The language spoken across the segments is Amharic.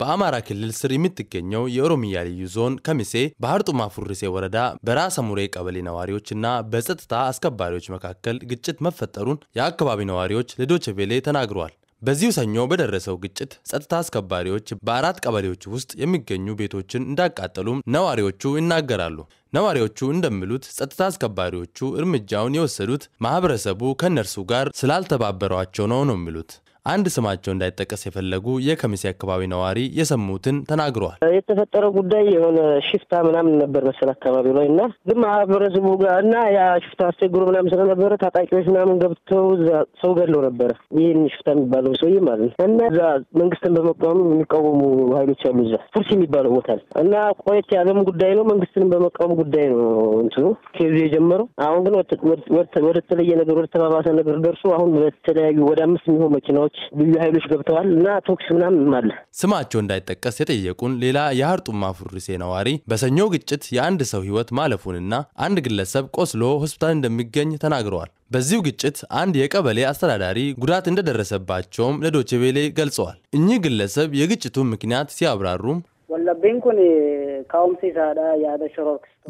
በአማራ ክልል ስር የምትገኘው የኦሮሚያ ልዩ ዞን ከሚሴ በሀርጡማ ፉርሴ ወረዳ በራሰ ሙሬ ቀበሌ ነዋሪዎችና በጸጥታ አስከባሪዎች መካከል ግጭት መፈጠሩን የአካባቢ ነዋሪዎች ለዶቼ ቬሌ ተናግረዋል። በዚሁ ሰኞ በደረሰው ግጭት ጸጥታ አስከባሪዎች በአራት ቀበሌዎች ውስጥ የሚገኙ ቤቶችን እንዳቃጠሉም ነዋሪዎቹ ይናገራሉ። ነዋሪዎቹ እንደሚሉት ጸጥታ አስከባሪዎቹ እርምጃውን የወሰዱት ማህበረሰቡ ከእነርሱ ጋር ስላልተባበሯቸው ነው ነው የሚሉት አንድ ስማቸው እንዳይጠቀስ የፈለጉ የከሚሴ አካባቢ ነዋሪ የሰሙትን ተናግረዋል። የተፈጠረው ጉዳይ የሆነ ሽፍታ ምናምን ነበር መሰል አካባቢ ላይ እና ግን ማህበረሰቡ ጋር እና ያ ሽፍታ አስቸግሮ ምናምን ስለነበረ ታጣቂዎች ምናምን ገብተው እዛ ሰው ገለው ነበረ። ይህን ሽፍታ የሚባለው ሰውዬ ማለት ነው እና እዛ መንግስትን በመቃወሙ የሚቃወሙ ሀይሎች አሉ። እዛ ፉርሲ የሚባለው ቦታ እና ቆየት ያለም ጉዳይ ነው። መንግስትን በመቃወም ጉዳይ ነው እንትኑ ከዚ የጀመረው። አሁን ግን ወደተለየ ነገር ወደ ነገር ደርሶ አሁን በተለያዩ ወደ አምስት የሚሆን መኪናዎች ልዩ ኃይሎች ገብተዋል እና ቶክስ ምናምን አለ። ስማቸው እንዳይጠቀስ የጠየቁን ሌላ የሀርጡማ ፉርሴ ነዋሪ በሰኞ ግጭት የአንድ ሰው ሕይወት ማለፉንና አንድ ግለሰብ ቆስሎ ሆስፒታል እንደሚገኝ ተናግረዋል። በዚሁ ግጭት አንድ የቀበሌ አስተዳዳሪ ጉዳት እንደደረሰባቸውም ለዶቼ ቬሌ ገልጸዋል። እኚህ ግለሰብ የግጭቱን ምክንያት ሲያብራሩም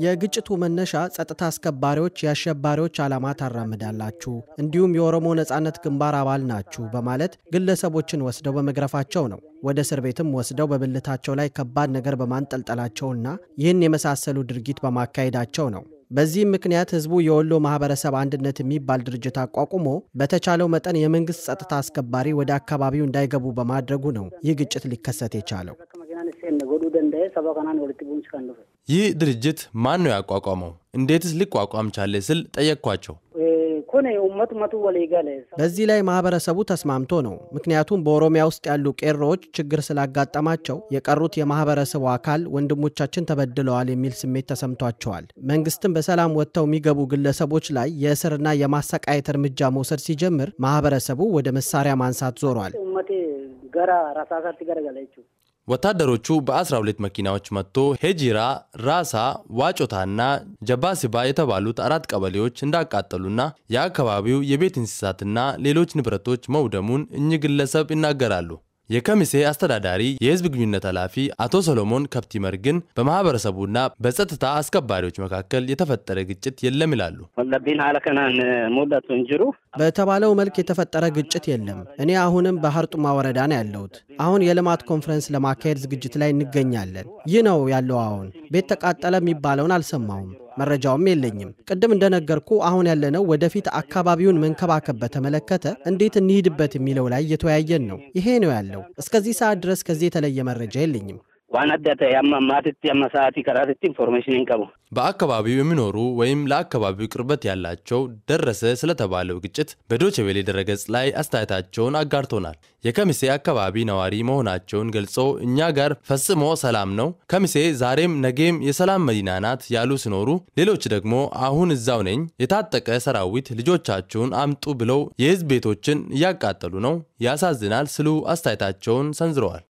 የግጭቱ መነሻ ጸጥታ አስከባሪዎች የአሸባሪዎች ዓላማ ታራምዳላችሁ፣ እንዲሁም የኦሮሞ ነጻነት ግንባር አባል ናችሁ በማለት ግለሰቦችን ወስደው በመግረፋቸው ነው። ወደ እስር ቤትም ወስደው በብልታቸው ላይ ከባድ ነገር በማንጠልጠላቸውና ይህን የመሳሰሉ ድርጊት በማካሄዳቸው ነው። በዚህም ምክንያት ህዝቡ የወሎ ማህበረሰብ አንድነት የሚባል ድርጅት አቋቁሞ በተቻለው መጠን የመንግስት ጸጥታ አስከባሪ ወደ አካባቢው እንዳይገቡ በማድረጉ ነው ይህ ግጭት ሊከሰት የቻለው። እንደሄድ ሰባ ከናን ቡንስ ከንዱፍ ይህ ድርጅት ማን ነው ያቋቋመው? እንዴትስ ሊቋቋም ቻለ? ስል ጠየቅኳቸው። በዚህ ላይ ማህበረሰቡ ተስማምቶ ነው። ምክንያቱም በኦሮሚያ ውስጥ ያሉ ቄሮዎች ችግር ስላጋጠማቸው የቀሩት የማህበረሰቡ አካል ወንድሞቻችን ተበድለዋል የሚል ስሜት ተሰምቷቸዋል። መንግስትም በሰላም ወጥተው የሚገቡ ግለሰቦች ላይ የእስርና የማሰቃየት እርምጃ መውሰድ ሲጀምር ማህበረሰቡ ወደ መሳሪያ ማንሳት ዞሯል። ወታደሮቹ በ12 መኪናዎች መጥቶ ሄጂራ፣ ራሳ፣ ዋጮታና ጀባሲባ የተባሉት አራት ቀበሌዎች እንዳቃጠሉና የአካባቢው የቤት እንስሳትና ሌሎች ንብረቶች መውደሙን እኚህ ግለሰብ ይናገራሉ። የከሚሴ አስተዳዳሪ የህዝብ ግንኙነት ኃላፊ አቶ ሰሎሞን ከብቲ ግን በማህበረሰቡና በጸጥታ አስከባሪዎች መካከል የተፈጠረ ግጭት የለም ይላሉ። በተባለው መልክ የተፈጠረ ግጭት የለም። እኔ አሁንም በሀርጡማ ወረዳ ነው ያለሁት። አሁን የልማት ኮንፈረንስ ለማካሄድ ዝግጅት ላይ እንገኛለን። ይህ ነው ያለው። አሁን ቤት ተቃጠለ የሚባለውን አልሰማውም። መረጃውም የለኝም። ቅድም እንደነገርኩ አሁን ያለነው ወደፊት አካባቢውን መንከባከብ በተመለከተ እንዴት እንሂድበት የሚለው ላይ እየተወያየን ነው። ይሄ ነው ያለው። እስከዚህ ሰዓት ድረስ ከዚህ የተለየ መረጃ የለኝም። waan adda ta'e amma maatitti amma sa'aatii karaatitti information hin qabu። በአካባቢው የሚኖሩ ወይም ለአካባቢው ቅርበት ያላቸው ደረሰ ስለተባለው ግጭት በዶቼ ቬለ ድረገጽ ላይ አስተያየታቸውን አጋርቶናል። የከሚሴ አካባቢ ነዋሪ መሆናቸውን ገልጾ እኛ ጋር ፈጽሞ ሰላም ነው፣ ከሚሴ ዛሬም ነገም የሰላም መዲና ናት ያሉ ሲኖሩ፣ ሌሎች ደግሞ አሁን እዛው ነኝ፣ የታጠቀ ሰራዊት ልጆቻችሁን አምጡ ብለው የህዝብ ቤቶችን እያቃጠሉ ነው፣ ያሳዝናል ስሉ አስተያየታቸውን ሰንዝረዋል።